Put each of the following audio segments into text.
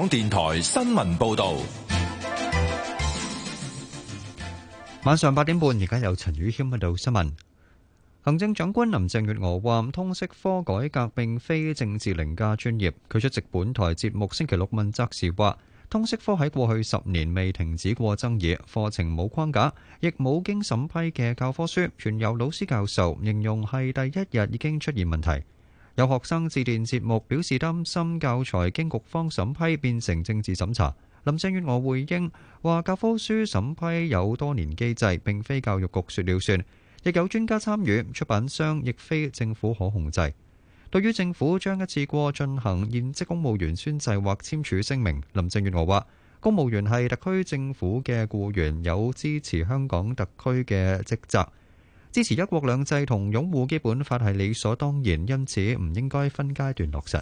港電台新聞報道，晚上八點半，而家有陳宇謙報道新聞。行政長官林鄭月娥話，通識科改革並非政治凌駕專業。佢出席本台節目星期六問則責時話，通識科喺過去十年未停止過爭議，課程冇框架，亦冇經審批嘅教科書，全由老師教授，形容係第一日已經出現問題。有學生致電節目，表示擔心教材經局方審批變成政治審查。林鄭月娥回應話：教科書審批有多年機制，並非教育局説了算，亦有專家參與，出版商亦非政府可控制。對於政府將一次過進行現職公務員宣誓或簽署聲明，林鄭月娥話：公務員係特區政府嘅僱員，有支持香港特區嘅職責。支持一國兩制同擁護基本法係理所當然，因此唔應該分階段落實。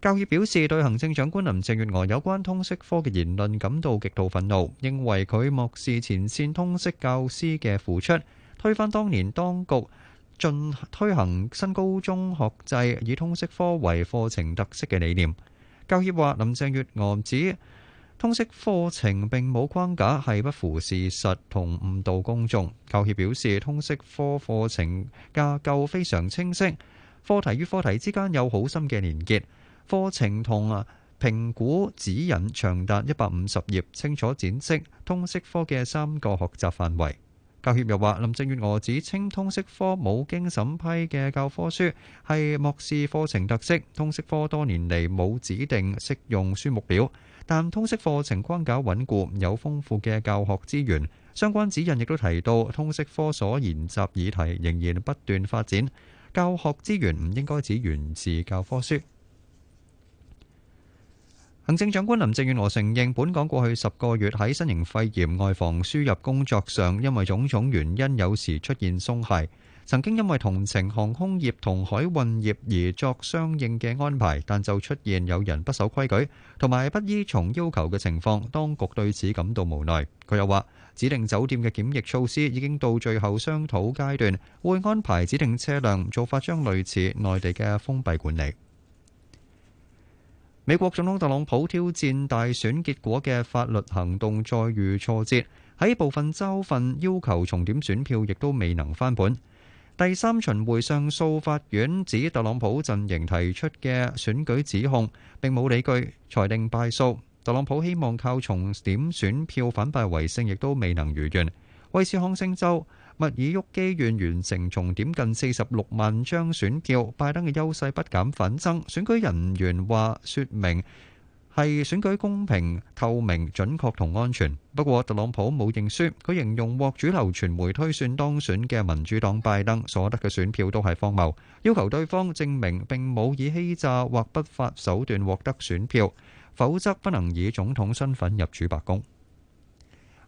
教協表示對行政長官林鄭月娥有關通識科嘅言論感到極度憤怒，認為佢漠視前線通識教師嘅付出，推翻當年當局進推行新高中學制以通識科為課程特色嘅理念。教協話林鄭月娥指，通識課程並冇框架，係不符事實同誤導公眾。教協表示，通識科課程架構非常清晰，課題與課題之間有好深嘅連結。課程同啊評估指引長達一百五十頁，清楚展示通識科嘅三個學習範圍。教協又話，林鄭月娥指稱通識科冇經審批嘅教科書係漠視課程特色。通識科多年嚟冇指定適用書目表。但通識課程框架穩固，有豐富嘅教學資源。相關指引亦都提到，通識科所研習議題仍然不斷發展，教學資源唔應該只源自教科書。行政長官林鄭月娥承認，本港過去十個月喺新型肺炎外防輸入工作上，因為種種原因，有時出現鬆懈。曾經因為同情航空業同海運業而作相應嘅安排，但就出現有人不守規矩同埋不依從要求嘅情況，當局對此感到無奈。佢又話，指定酒店嘅檢疫措施已經到最後商討階段，會安排指定車輛，做法將類似內地嘅封閉管理。美國總統特朗普挑戰大選結果嘅法律行動再遇挫折，喺部分州份要求重點選票，亦都未能翻本。第三巡迴上訴法院指特朗普陣營提出嘅選舉指控並冇理據，裁定敗訴。特朗普希望靠重點選票反敗為勝，亦都未能如願。威斯康星州密爾沃基縣完成重點近四十六萬張選票，拜登嘅優勢不減反增。選舉人員話，説明係選舉公平、透明、準確同安全。不過，特朗普冇認輸，佢形容獲主流傳媒推算當選嘅民主黨拜登所得嘅選票都係荒謬，要求對方證明並冇以欺詐或不法手段獲得選票，否則不能以總統身份入主白宮。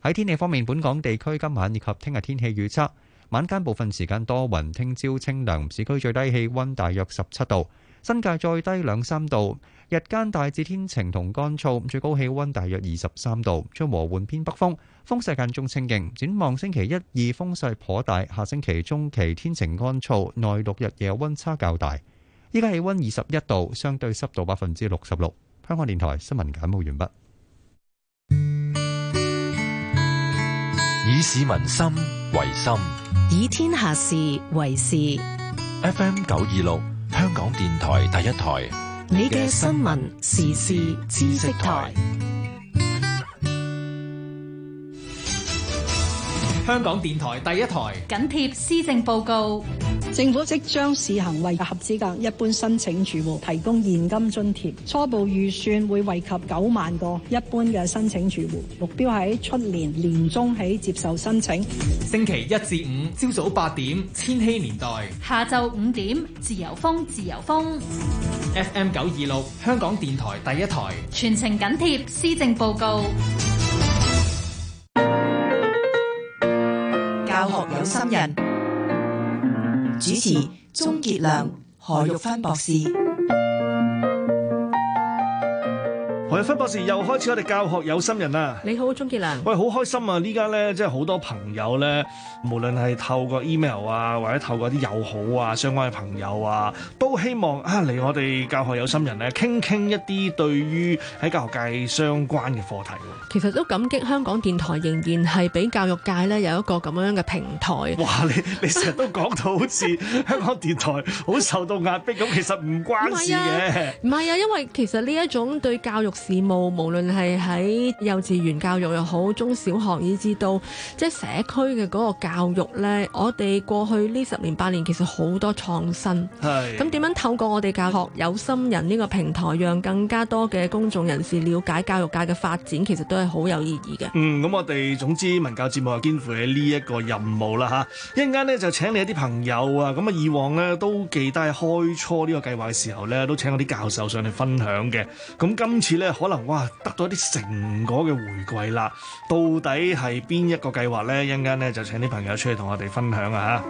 喺天氣方面，本港地區今晚以及聽日天氣預測：晚間部分時間多雲，聽朝清涼，市區最低氣温大約十七度。新界再低兩三度，日間大致天晴同乾燥，最高氣溫大約二十三度，吹和緩偏北風，風勢間中清勁。展望星期一、二風勢頗大，下星期中期天晴乾燥，內陸日夜溫差較大。依家氣溫二十一度，相對濕度百分之六十六。香港電台新聞簡報完畢。以市民心為心，以天下事為事。FM 九二六。香港電台第一台，你嘅新聞時事知識台。香港電台第一台緊貼施政報告，政府即將試行為合資格一般申請住戶提供現金津貼，初步預算會惠及九萬個一般嘅申請住戶，目標喺出年年中起接受申請。星期一至五朝早八點，千禧年代；下晝五點，自由風，自由風。FM 九二六，香港電台第一台，全程緊貼施政報告。新人主持：鍾傑良、何玉芬博士。分博士又開始我哋教學有心人啦！你好，鍾傑良。喂，好開心啊！呢家咧，即係好多朋友咧，無論係透過 email 啊，或者透過啲友好啊，相關嘅朋友啊，都希望啊嚟我哋教學有心人咧，傾傾一啲對於喺教學界相關嘅課題。其實都感激香港電台仍然係俾教育界咧有一個咁樣嘅平台。哇！你你成日都講到好似香港電台好受到壓迫咁， 其實唔關事嘅。唔係啊，啊，因為其實呢一種對教育。面務無論係喺幼稚園教育又好，中小學，以至到即係社區嘅嗰個教育咧，我哋過去呢十年八年，其實好多創新。係咁點樣透過我哋教學有心人呢個平台，讓更加多嘅公眾人士了解教育界嘅發展，其實都係好有意義嘅。嗯，咁我哋總之，文教節目係肩負起呢一個任務啦，吓一陣間咧就請你一啲朋友啊，咁啊以往咧都記得係開初呢個計劃嘅時候咧，都請我啲教授上嚟分享嘅。咁今次咧。可能哇，得到啲成果嘅回饋啦。到底係邊一個計劃呢？一陣間咧就請啲朋友出嚟同我哋分享啊！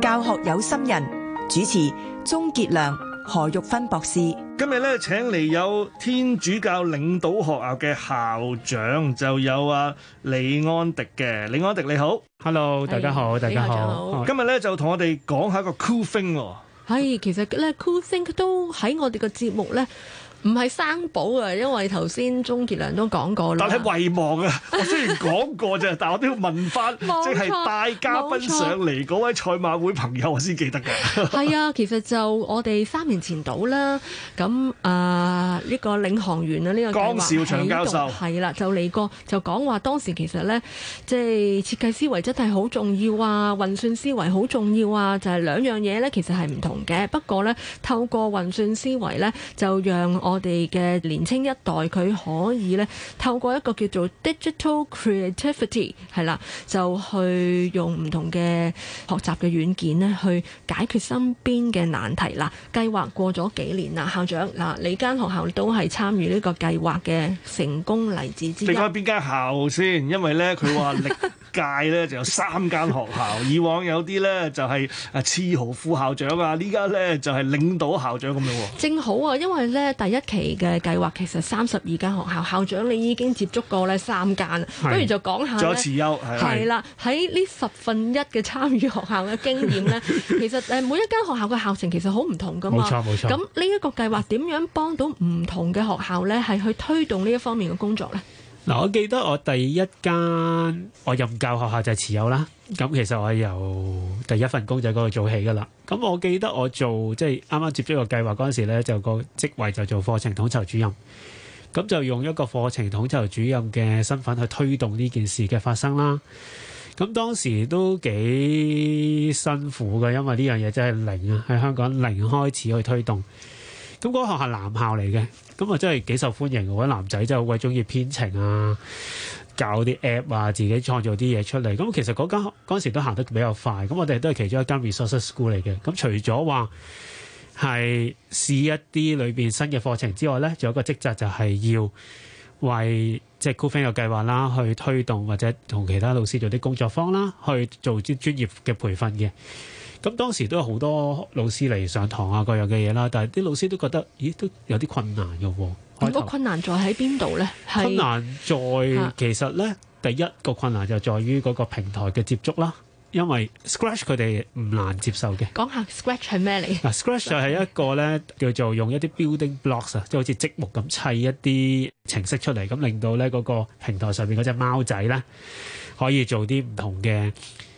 教學有心人主持鍾傑良。何玉芬博士，今日咧，請嚟有天主教領島學校嘅校長，就有阿、啊、李安迪嘅李安迪，你好，Hello，大家好，hey, 大家好，hey, 好今日咧，就同我哋講下一個 cool thing，係、hey, 其實咧 cool thing 都喺我哋嘅節目咧。唔係生保啊，因為頭先鐘傑良都講過啦。但係遺忘啊，我雖然講過啫，但我都要問翻，即係帶嘉賓上嚟嗰位賽馬會朋友，我先記得㗎。係啊，其實就我哋三年前到啦，咁啊呢個領航員啊呢個江紹祥教授，係啦，就嚟過就講話當時其實咧，即係設計思維真係好重要啊，運算思維好重要啊，就係兩樣嘢咧，其實係唔同嘅。不過咧，透過運算思維咧，就讓我。我哋嘅年青一代佢可以咧透過一個叫做 digital creativity 係啦，就去用唔同嘅學習嘅軟件咧去解決身邊嘅難題啦。計劃過咗幾年啦，校長嗱，你間學校都係參與呢個計劃嘅成功例子之一。邊間校先？因為咧佢話歷屆咧就有三間學校，以往有啲咧就係、是、啊慈幼副校長啊，現在呢家咧就係、是、領島校長咁、啊、樣正好啊，因為咧第一。一期嘅計劃其實三十二間學校，校長你已經接觸過咧三間。是不如就講下。咗辭休係啦，喺呢了是十分一嘅參與學校嘅經驗咧， 其實誒每一間學校嘅校情其實好唔同噶嘛。冇錯冇錯。咁呢一個計劃點樣幫到唔同嘅學校咧，係去推動呢一方面嘅工作咧？嗱，我記得我第一間我任教學校就係慈幼啦。咁其實我由第一份工就喺嗰度做起噶啦。咁我記得我做即係啱啱接咗個計劃嗰陣時呢，就個職位就做課程統籌主任。咁就用一個課程統籌主任嘅身份去推動呢件事嘅發生啦。咁當時都幾辛苦嘅，因為呢樣嘢真係零啊，喺香港零開始去推動。咁嗰間學校男校嚟嘅。咁啊，我真係幾受歡迎嘅。嗰男仔真係好鬼中意編程啊，搞啲 app 啊，自己創造啲嘢出嚟。咁其實嗰間嗰陣時都行得比較快。咁我哋都係其中一間 resource school 嚟嘅。咁除咗話係試一啲裏面新嘅課程之外咧，仲有一個職責就係要為即係 CoolThink 嘅計劃啦，去推動或者同其他老師做啲工作坊啦，去做啲專業嘅培訓嘅。咁當時都有好多老師嚟上堂啊，各樣嘅嘢啦。但係啲老師都覺得，咦，都有啲困難嘅喎。咁個困難在喺邊度咧？困難在其實咧，第一個困難就在於嗰個平台嘅接觸啦。因為 Scratch 佢哋唔難接受嘅。講下 Scratch 係咩嚟？嗱，Scratch 就係一個咧叫做用一啲 building blocks 啊，即係好似積木咁砌一啲程式出嚟，咁令到咧嗰個平台上面嗰隻貓仔咧可以做啲唔同嘅。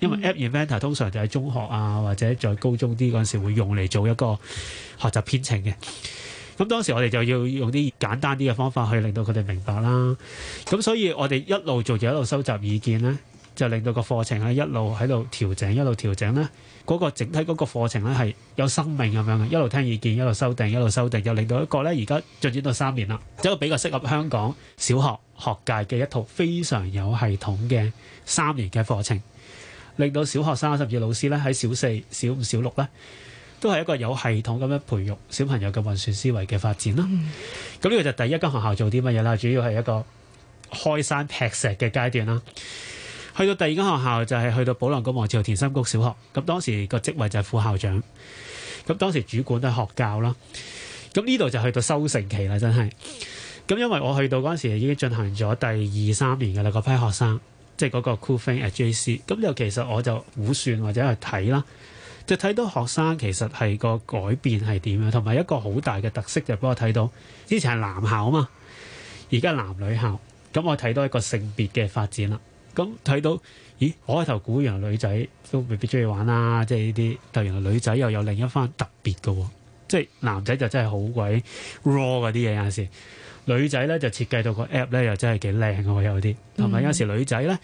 因為 App Inventor 通常就喺中學啊，或者再高中啲嗰陣時會用嚟做一個學習編程嘅。咁當時我哋就要用啲簡單啲嘅方法去令到佢哋明白啦。咁所以我哋一路做就一路收集意見咧，就令到個課程咧一路喺度調整，一路調整咧嗰個整體嗰個課程咧係有生命咁樣嘅，一路聽意見，一路修訂，一路修訂，又令到一個咧而家進展到三年啦，就一個比較適合香港小學學界嘅一套非常有系統嘅三年嘅課程。令到小學生甚至老師咧喺小四、小五、小六咧，都係一個有系統咁樣培育小朋友嘅運算思維嘅發展啦。咁呢個就第一間學校做啲乜嘢啦？主要係一個開山劈石嘅階段啦。去到第二間學校就係去到保良局王朝田心谷小學，咁當時個職位就係副校長。咁當時主管都係學教啦。咁呢度就去到收成期啦，真係。咁因為我去到嗰陣時已經進行咗第二三年嘅啦，嗰批學生。即係嗰個 cool thing at JC，咁又其實我就估算或者去睇啦，就睇到學生其實係個改變係點樣，同埋一個好大嘅特色就俾我睇到。之前係男校啊嘛，而家男女校，咁我睇到一個性別嘅發展啦。咁睇到，咦，我開頭估原來女仔都未必中意玩啦，即係呢啲，但原來女仔又有另一番特別嘅，即係男仔就真係好鬼 raw 嗰啲嘢啊，有時。女仔咧，就設計到個 app 咧，又真係幾靚嘅喎，有啲。同埋有時女仔咧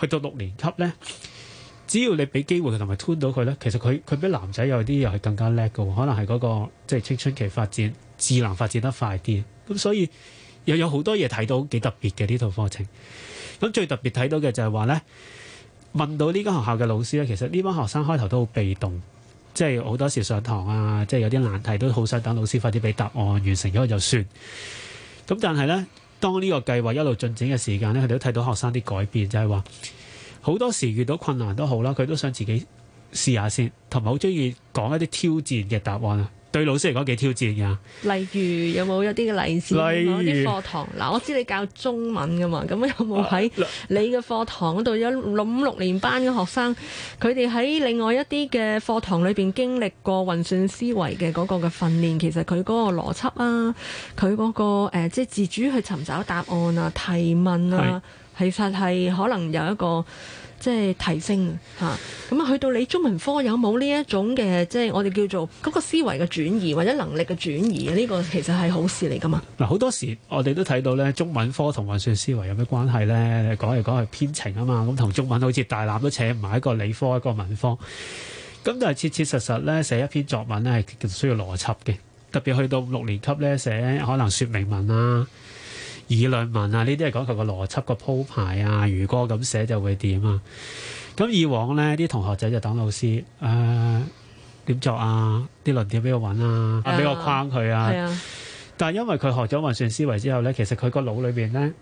去到六年級咧，只要你俾機會同埋 turn 到佢咧，其實佢佢比男仔有啲又係更加叻嘅喎，可能係嗰個即係青春期發展智能發展得快啲，咁所以又有好多嘢睇到幾特別嘅呢套課程。咁最特別睇到嘅就係話咧，問到呢間學校嘅老師咧，其實呢班學生開頭都好被動，即係好多時上堂啊，即係有啲難題都好想等老師快啲俾答案，完成咗就算。咁但係咧，當呢個計劃一路進展嘅時間咧，佢哋都睇到學生啲改變，就係話好多時遇到困難都好啦，佢都想自己試下先，同埋好中意講一啲挑戰嘅答案。對老師嚟講幾挑戰㗎？例如有冇一啲嘅例子？有沒有一些例如課堂嗱，我知你教中文㗎嘛，咁有冇喺你嘅課堂度有五六年班嘅學生，佢哋喺另外一啲嘅課堂裏邊經歷過運算思維嘅嗰個嘅訓練，其實佢嗰個邏輯啊，佢嗰個、那個、呃、即係自主去尋找答案啊、提問啊。其實係可能有一個即係提升嚇，咁啊去到你中文科有冇呢一種嘅即係我哋叫做嗰個思維嘅轉移或者能力嘅轉移？呢個其實係好事嚟噶嘛。嗱好多時我哋都睇到咧，中文科同運算思維有咩關係咧？講嚟講去，編程啊嘛，咁同中文好似大纜都扯唔埋，一個理科一個文科。咁但係切切實實咧，寫一篇作文咧係需要邏輯嘅，特別去到六年級咧，寫可能説明文啦。議論文啊，呢啲係講佢個邏輯個鋪排啊，如果咁寫就會點啊？咁以往呢啲同學仔就等老師，誒、呃、點作啊？啲論點俾我揾啊？Yeah. 啊，俾我框佢啊！Yeah. 但係因為佢學咗運算思維之後呢，其實佢個腦裏面呢，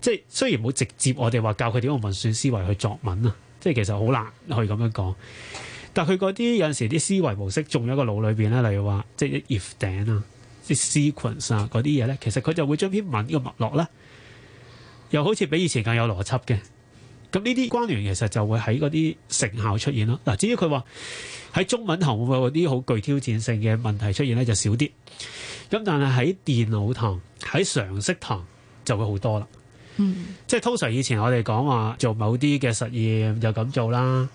即係雖然冇直接我哋話教佢點用運算思維去作文啊，即係其實好難去咁樣講。但佢嗰啲有陣時啲思維模式，仲有個腦裏面呢，例如話即係 if then 啊。啲 sequence 啊嗰啲嘢咧，其實佢就會將篇文嘅脈絡咧，又好似比以前更有邏輯嘅。咁呢啲關聯其實就會喺嗰啲成效出現咯。嗱，至於佢話喺中文堂會唔會有啲好具挑戰性嘅問題出現咧，就少啲。咁但係喺電腦堂、喺常識堂就會好多啦。嗯，即係通常以前我哋講話做某啲嘅實驗就咁做啦。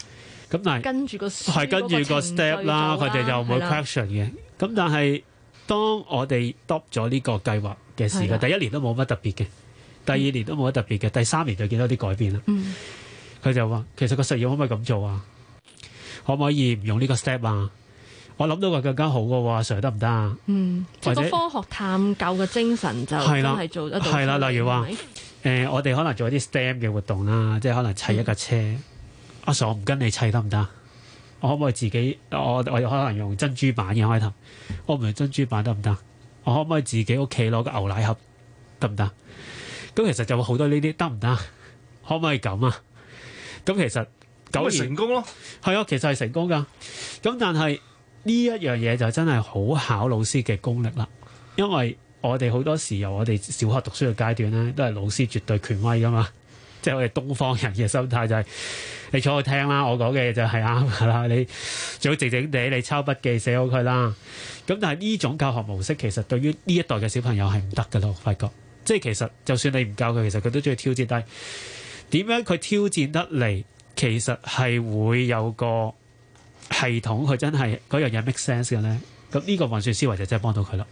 咁但係跟住個係跟住個 step 啦，佢哋又冇 question 嘅。咁但係當我哋 do 咗呢個計劃嘅時候，嘅的第一年都冇乜特別嘅，第二年都冇乜特別嘅，第三年就見到啲改變啦。佢、嗯、就話：其實個實驗可唔可以咁做啊？可唔可以唔用呢個 step 啊？我諗到個更加好嘅喎，Sir 得唔得啊？Sir，行行嗯，其實者科學探究嘅精神就係做得到的，例如話誒、呃，我哋可能做一啲 STEM 嘅活動啦，即係可能砌一架車。阿、嗯啊、Sir 我唔跟你砌得唔得？行不行？我可唔可以自己？我我可能用珍珠板嘅開頭，我唔用珍珠板得唔得？我可唔可以自己屋企攞個牛奶盒得唔得？咁其實就會好多呢啲得唔得？可唔可以咁啊？咁其實九成功咯，係啊，其實係成功噶。咁但係呢一樣嘢就真係好考老師嘅功力啦，因為我哋好多時候由我哋小學讀書嘅階段咧，都係老師絕對權威噶嘛。即係我哋東方人嘅心態就係、是，你坐我聽啦，我講嘅嘢就係啱噶啦，你最好靜靜地你抄筆記寫好佢啦。咁但係呢種教學模式其實對於呢一代嘅小朋友係唔得㗎咯，發覺即係其實就算你唔教佢，其實佢都中意挑戰。但係點樣佢挑戰得嚟，其實係會有個系統，佢真係嗰樣嘢 make sense 嘅咧。咁呢個運算思維就真係幫到佢啦。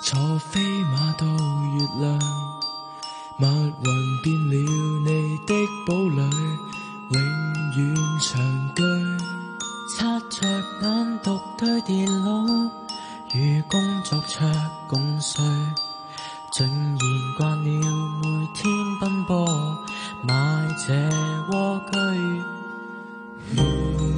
坐飛馬到月亮，密雲變了你的堡壘，永遠長居，擦着眼獨對電腦，與工作桌共睡，竟然慣了每天奔波買這蝸居。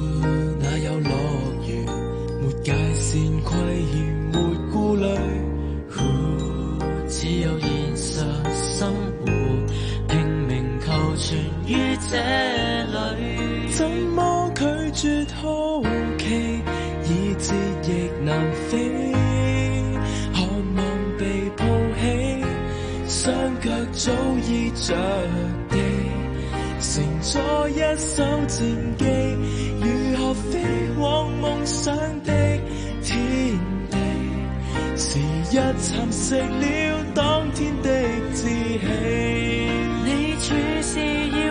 這裏怎麼拒絕好奇？已折翼難飛，渴望被抱起，雙腳早已着地，乘坐一艘戰機，如何飛往夢想的天地？時日蠶食了當天的志氣，你處事要。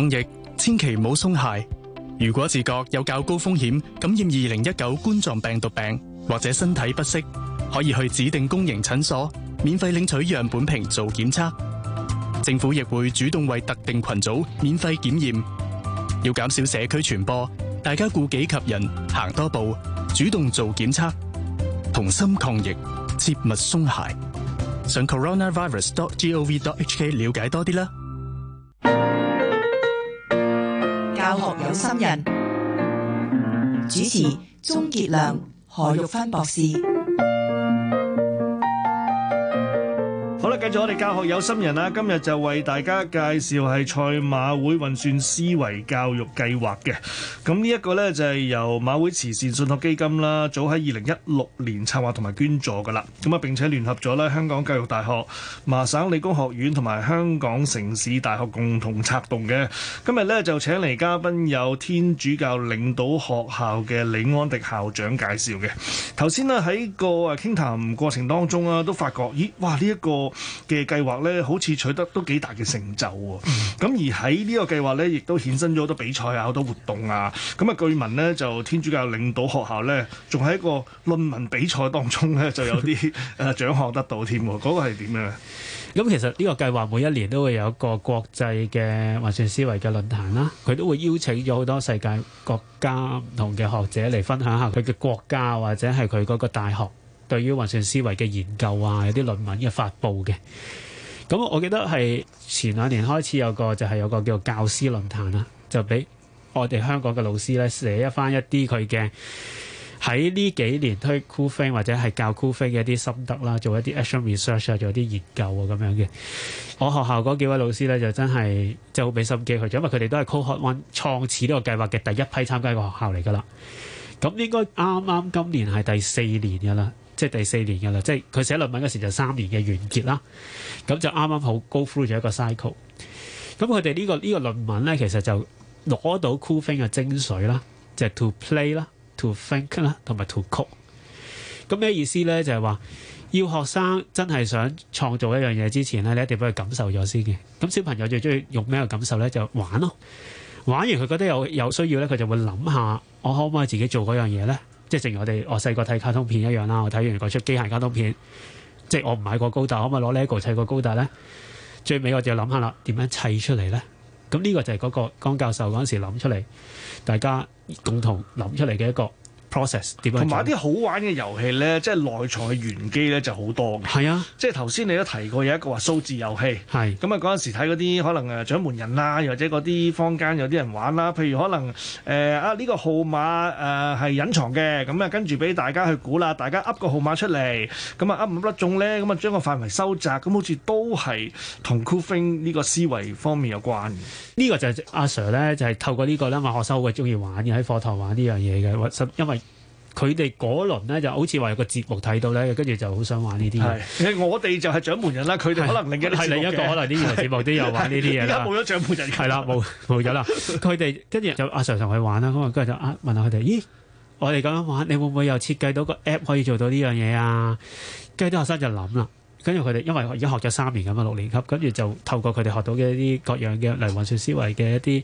抗疫，千祈唔好鬆懈。如果自覺有較高風險感染2019冠狀病毒病，或者身體不適，可以去指定公營診所免費領取樣本瓶做檢測。政府亦會主動為特定群組免費檢驗。要減少社區傳播，大家顧己及人，行多步，主動做檢測，同心抗疫，切勿鬆懈。上 coronavirus.gov.hk 了解多啲啦。有心人，主持鍾傑良、何玉芬博士。繼續我哋教學有心人啦，今日就為大家介紹係賽馬會運算思維教育計劃嘅。咁呢一個呢，就係由馬會慈善信託基金啦，早喺二零一六年策劃同埋捐助噶啦。咁啊，並且聯合咗啦香港教育大學、麻省理工學院同埋香港城市大學共同策動嘅。今日呢，就請嚟嘉賓有天主教領島學校嘅李安迪校長介紹嘅。頭先呢，喺個誒傾談過程當中啊，都發覺，咦，哇，呢、這、一個～嘅計劃咧，好似取得都幾大嘅成就喎、哦。咁、嗯、而喺呢個計劃咧，亦都衍生咗好多比賽啊，好多活動啊。咁啊，據聞呢，就天主教領島學校咧，仲喺一個論文比賽當中咧，就有啲誒獎學得到添。嗰、那個係點樣？咁其實呢個計劃每一年都會有一個國際嘅運算思維嘅論壇啦，佢都會邀請咗好多世界國家唔同嘅學者嚟分享下佢嘅國家或者係佢嗰個大學。對於運算思維嘅研究啊，有啲論文嘅發布嘅。咁我記得係前兩年開始有個就係、是、有個叫教師論壇啦，就俾我哋香港嘅老師咧寫一翻一啲佢嘅喺呢幾年推 Cool Fun 或者係教 Cool Fun 嘅一啲心得啦，做一啲 action research 啊，做一啲研究啊咁樣嘅。我學校嗰幾位老師咧就真係就好俾心機去做，因為佢哋都係 Cool Fun 創始呢個計劃嘅第一批參加一個學校嚟㗎啦。咁應該啱啱今年係第四年㗎啦。即係第四年嘅啦，即係佢寫論文嗰時就三年嘅完結啦。咁就啱啱好 go through 咗一個 cycle。咁佢哋呢個呢個論文咧，其實就攞到 cooling 嘅精髓啦，就係 to play 啦、to think 啦同埋 to cook。咁咩意思咧？就係話要學生真係想創造一樣嘢之前咧，你一定畀佢感受咗先嘅。咁小朋友最中意用咩感受咧？就玩咯。玩完佢覺得有有需要咧，佢就會諗下我可唔可以自己做嗰樣嘢咧？即係正如我哋我細個睇卡通片一樣啦，我睇完嗰出機械卡通片，即係我唔買過高達，可唔可以攞 LEGO 砌過高達咧？最尾我就要諗下啦，點樣砌出嚟咧？咁呢個就係嗰個江教授嗰陣時諗出嚟，大家共同諗出嚟嘅一個。process 點樣同埋啲好玩嘅遊戲呢，即係內藏嘅玄機呢就好多嘅。係啊，即係頭先你都提過有一個話數字遊戲係咁啊，嗰陣是時睇嗰啲可能誒掌門人啦、啊，又或者嗰啲坊間有啲人玩啦、啊，譬如可能誒、呃、啊呢、這個號碼誒係、啊、隱藏嘅，咁啊跟住俾大家去估啦，大家噏個號碼出嚟，咁啊噏唔得中呢。咁啊將個範圍收窄，咁好似都係同 coding 呢個思維方面有關。呢個就係、是、阿、啊、Sir 呢，就係、是、透過呢、這個呢，我學生好鬼中意玩嘅，喺課堂玩呢樣嘢嘅，因因佢哋嗰輪咧就好似話有個節目睇到咧，跟住就好想玩呢啲嘢。我哋就係獎門人啦，佢哋可能另一係另一個可能啲娛樂節目都有玩呢啲嘢。而家冇咗獎門人。係啦，冇冇咗啦。佢哋跟住就阿 Sir 同佢玩啦。咁啊，跟住就啊問下佢哋：咦，我哋咁樣玩，你會唔會又設計到個 app 可以做到呢樣嘢啊？跟住啲學生就諗啦。跟住佢哋因為已經學咗三年咁啊，六年級，跟住就透過佢哋學到嘅一啲各樣嘅嚟運算思維嘅一啲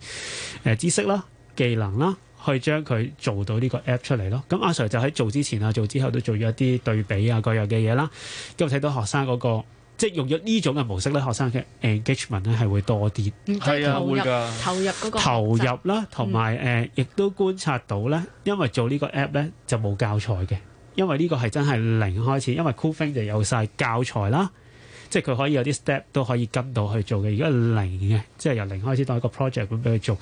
誒知識啦、技能啦。去將佢做到呢個 app 出嚟咯。咁阿 Sir 就喺做之前啊，做之後都做咗一啲對比啊，各樣嘅嘢啦。咁睇到學生嗰個，即係用咗呢種嘅模式咧，學生嘅 engagement 咧係會多啲。係啊，會㗎。投入嗰個的投入啦，同埋誒，亦都觀察到咧，因為做呢個 app 咧就冇教材嘅，因為呢個係真係零開始。因為 Cool Think 就有晒教材啦，即係佢可以有啲 step 都可以跟到去做嘅。而家零嘅，即係由零開始當一個 project 咁俾佢做。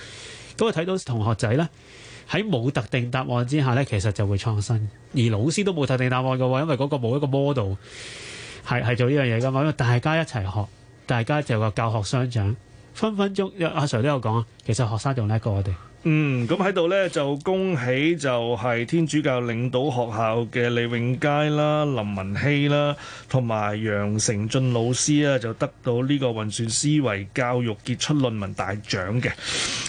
咁我睇到同學仔咧。喺冇特定答案之下咧，其實就會創新。而老師都冇特定答案嘅話，因為嗰個冇一個 model 係係做呢樣嘢嘅嘛。因為大家一齊學，大家就個教學相長，分分鐘阿 Sir 都有講啊。其實學生仲叻過我哋。嗯，咁喺度呢就恭喜就係天主教領島學校嘅李永佳啦、林文希啦，同埋楊成俊老師啊，就得到呢個運算思維教育傑出論文大獎嘅。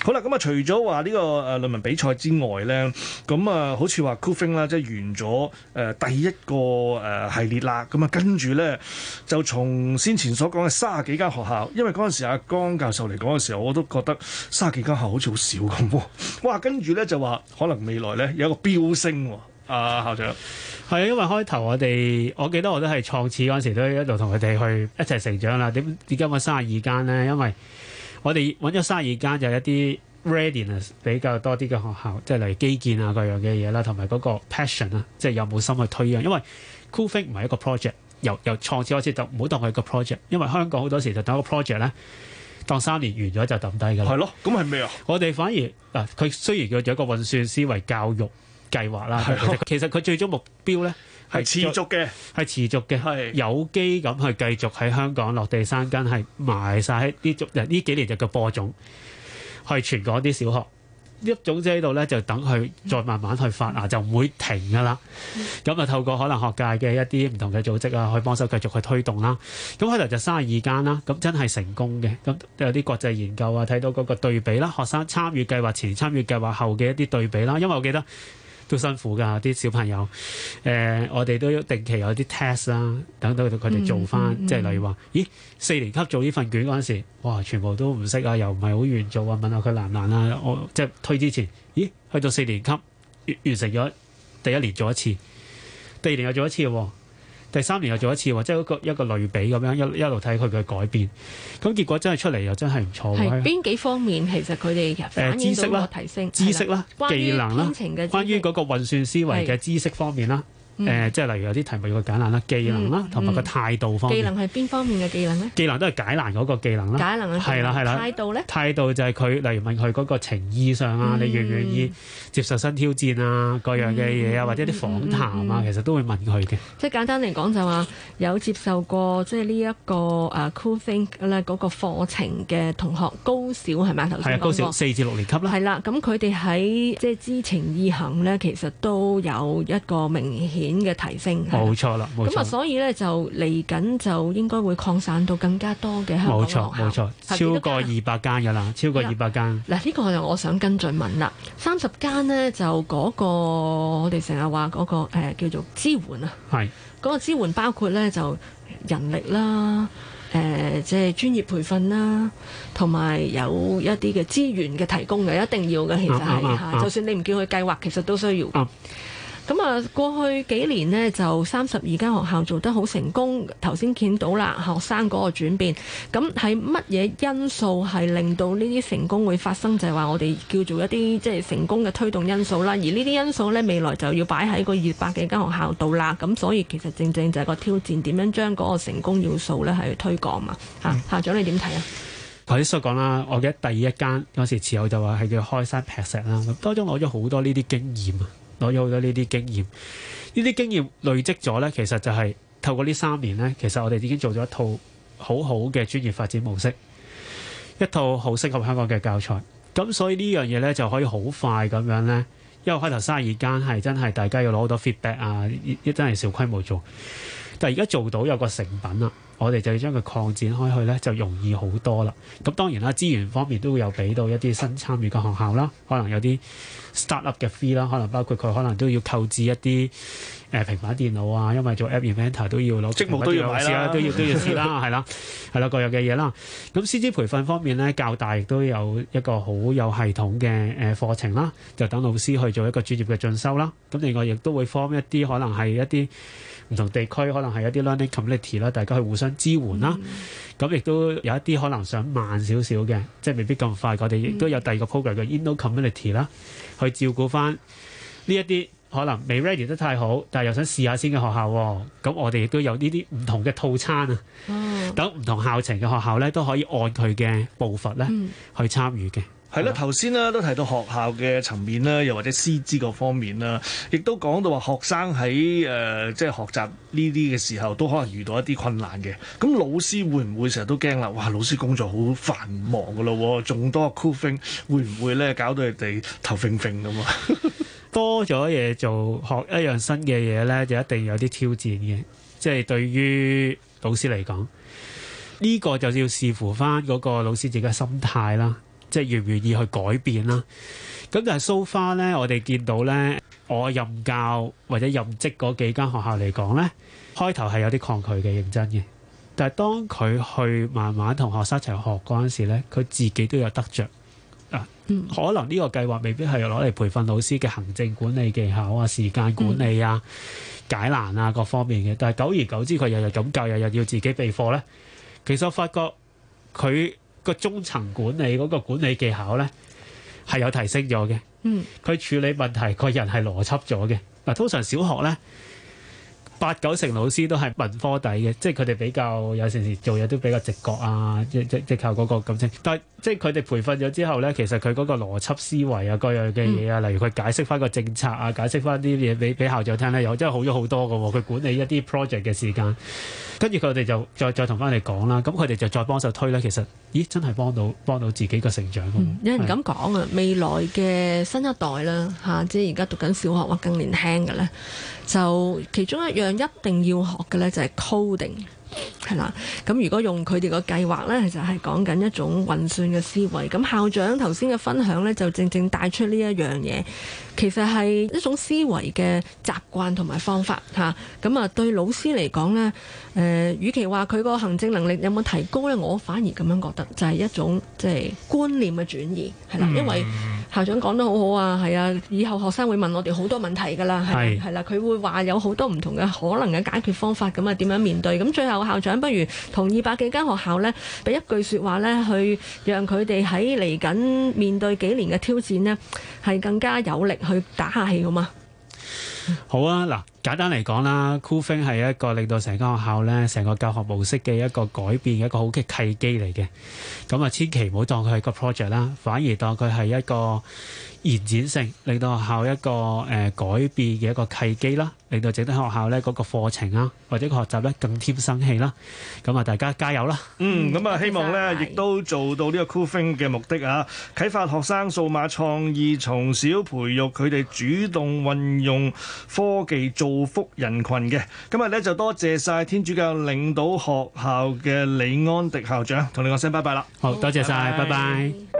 好啦，咁啊除咗話呢個誒論、呃、文比賽之外呢，咁啊、呃、好似話 CoolThink 啦，即係完咗誒、呃、第一個誒、呃、系列啦。咁啊跟住呢就從先前所講嘅三十幾間學校，因為嗰陣時阿江教授嚟講嘅時候，我都覺得三十幾間校好似好少咁。哇！跟住咧就話，可能未來咧有一個飆升喎。阿、啊、校長係啊，因為開頭我哋，我記得我都係創始嗰陣時，都一路同佢哋去一齊成長啦。點解我三十二間咧？因為我哋揾咗三十二間，就是、一啲 readiness 比較多啲嘅學校，即、就、係、是、例如基建啊各樣嘅嘢啦，同埋嗰個 passion 啊，即係有冇心去推啊。因為 Cool Think 唔係一個 project，由由創始開始就唔好當佢一個 project，因為香港好多時就當一個 project 咧。.放三年完咗就抌低噶啦，係咯，咁係咩啊？我哋反而嗱，佢雖然有咗個運算思維教育計劃啦，係，其實佢最終目標咧係持續嘅，係持續嘅，係有機咁去繼續喺香港落地生根，係埋曬啲種，呢幾年就叫播種，去全港啲小學。呢粒種子喺度咧，就等佢再慢慢去發芽，就唔會停噶啦。咁啊，透過可能學界嘅一啲唔同嘅組織啊，去幫手繼續去推動啦、啊。咁開頭就三十二間啦，咁真係成功嘅。咁都有啲國際研究啊，睇到嗰個對比啦、啊，學生參與計劃前、參與計劃後嘅一啲對比啦、啊。因為我記得。都辛苦㗎，啲小朋友，呃、我哋都定期有啲 test 啊，等到佢哋做返，即、嗯、係例如話，咦，四年級做呢份卷嗰陣時，哇，全部都唔識啊，又唔係好願做啊，問下佢難唔難啊，我即係、就是、推之前，咦，去到四年級完完成咗第一年做一次，第二年又做一次喎。第三年又做一次，即係一個一個類比咁樣一一路睇佢嘅改變，咁結果真係出嚟又真係唔錯。係邊是是幾方面？其實佢哋反映啦，提升、呃、知識啦、識啦的技能啦、關於編程，關於嗰個運算思維嘅知識方面啦。誒，即係例如有啲題目要解難啦、技能啦，同埋個態度方面。技能係邊方面嘅技能咧？技能都係解難嗰個技能啦。解難啦係啦。態度咧？態度就係佢，例如問佢嗰個情意上啊，你願唔願意接受新挑戰啊，各樣嘅嘢啊，或者啲訪談啊，其實都會問佢嘅。即係簡單嚟講，就話有接受過即係呢一個誒 Cool Think 咧嗰個課程嘅同學，高小係咪？頭先講過係啊，高小，四至六年級啦。係啦，咁佢哋喺即係知情意行咧，其實都有一個明顯片嘅提升，冇錯啦，咁啊，所以呢，就嚟緊就應該會擴散到更加多嘅香港。冇錯冇錯，超過二百間㗎啦，超過二百間。嗱，呢、呢個我想跟進問啦。三十間呢，就嗰、嗰個我哋成日話嗰個、呃、叫做支援啊，係嗰是個支援包括呢，就人力啦，誒即係專業培訓啦，同埋有，有一啲嘅資源嘅提供嘅，一定要嘅。其實係、嗯嗯嗯、就算你唔叫佢計劃，其實都需要。嗯咁啊，過去幾年呢，就三十二間學校做得好成功，頭先見到啦，學生嗰個轉變。咁係乜嘢因素係令到呢啲成功會發生？就係話我哋叫做一啲即係成功嘅推動因素啦。而呢啲因素呢，未來就要擺喺個二百幾間學校度啦。咁所以其實正正就係個挑戰，點樣將嗰個成功要素呢係推廣嘛？嗯、吓，校長你點睇啊？頭先所講啦，我記得第一間嗰時持有就話係叫開山劈石啦，咁當中攞咗好多呢啲經驗啊。所有好多呢啲經驗，呢啲經驗累積咗呢，其實就係透過呢三年呢，其實我哋已經做咗一套好好嘅專業發展模式，一套好適合香港嘅教材。咁所以呢樣嘢呢，就可以好快咁樣呢。因為開頭三二間係真係大家要攞好多 feedback 啊，一真係小規模做，但係而家做到有個成品啦。我哋就要將佢擴展開去咧，就容易好多啦。咁當然啦，資源方面都會有俾到一啲新參與嘅學校啦，可能有啲 startup 嘅 fee 啦，可能包括佢可能都要購置一啲、呃、平板電腦啊，因為做 App Inventor 都要攞、啊，職務都要買啦，都要都要，都要試啦，係 啦，係啦，各樣嘅嘢啦。咁師資培訓方面咧，較大亦都有一個好有系統嘅課程啦，就等老師去做一個專業嘅進修啦。咁另外亦都會 form 一啲可能係一啲。唔同地區可能係有啲 learning community 啦，大家去互相支援啦。咁亦、mm hmm. 都有一啲可能想慢少少嘅，即係未必咁快。我哋亦都有第二個 program 叫 inno community 啦，hmm. commun ity, 去照顧翻呢一啲可能未 ready 得太好，但係又想試下先嘅學校。咁我哋亦都有呢啲唔同嘅套餐啊，等唔、oh. 同校程嘅學校咧都可以按佢嘅步伐咧去參與嘅。係啦，頭先咧都提到學校嘅層面啦，又或者師資各方面啦，亦都講到話學生喺誒即係學習呢啲嘅時候，都可能遇到一啲困難嘅。咁老師會唔會成日都驚啦？哇，老師工作好繁忙噶咯，仲多 coding，會唔會咧搞到你哋頭暈暈咁啊？ 多咗嘢做，學一樣新嘅嘢咧，就一定有啲挑戰嘅。即係對於老師嚟講，呢個就要視乎翻嗰個老師自己嘅心態啦。即係願唔願意去改變啦，啊？咁但係 so far 咧，我哋見到咧，我任教或者任職嗰幾間學校嚟講咧，開頭係有啲抗拒嘅，認真嘅。但係當佢去慢慢同學生一齊學嗰陣時咧，佢自己都有得着。啊。嗯、可能呢個計劃未必係攞嚟培訓老師嘅行政管理技巧啊、時間管理啊、嗯、解難啊各方面嘅。但係久而久之，佢日日咁教，日日要自己備課咧，其實我發覺佢，個中層管理嗰個管理技巧咧係有提升咗嘅，嗯，佢處理問題個人係邏輯咗嘅，嗱，通常小學咧。八九成老師都係文科底嘅，即係佢哋比較有時時做嘢都比較直覺啊，即直，直靠嗰個感情。但係即係佢哋培訓咗之後呢，其實佢嗰個邏輯思維啊，各樣嘅嘢啊，嗯、例如佢解釋翻個政策啊，解釋翻啲嘢俾俾校長聽咧，又真係好咗好多嘅、啊、喎。佢管理一啲 project 嘅時間，跟住佢哋就再再同翻嚟講啦。咁佢哋就再幫手推呢，其實，咦，真係幫到幫到自己個成長、啊嗯、有人咁講啊，是未來嘅新一代啦嚇，即係而家讀緊小學或更年輕嘅咧，就其中一樣。一定要學嘅咧就係 coding。係啦，咁如果用佢哋個計劃呢，其實係講緊一種運算嘅思維。咁校長頭先嘅分享呢，就正正帶出呢一樣嘢，其實係一種思維嘅習慣同埋方法吓。咁啊，對老師嚟講呢，誒、呃，與其話佢個行政能力有冇提高呢？我反而咁樣覺得就是，就係一種即係觀念嘅轉移，係啦。嗯、因為校長講得好好啊，係啊，以後學生會問我哋好多問題噶啦，係係啦，佢會話有好多唔同嘅可能嘅解決方法咁啊，點樣面對？咁最後。校長，不如同二百幾間學校呢，俾一句說話呢，去讓佢哋喺嚟緊面對幾年嘅挑戰呢，係更加有力去打下氣啊嘛！好嗎？好啊，嗱，簡單嚟講啦，Cooling 係一個令到成間學校咧，成個教學模式嘅一個改變，一個好嘅契機嚟嘅。咁啊，千祈唔好當佢係個 project 啦，反而當佢係一個延展性，令到學校一個誒、呃、改變嘅一個契機啦，令到整間學校咧嗰個課程啊，或者學習咧更添生氣啦。咁啊，大家加油啦！嗯，咁啊，希望咧亦 都做到呢、這個 Cooling 嘅目的啊，啟發學生數碼創意，從小培育佢哋主動運用，科技造福人群嘅，今日咧就多謝晒天主教領島學校嘅李安迪校長，同你講聲拜拜啦。好，多謝晒，拜拜。拜拜拜拜。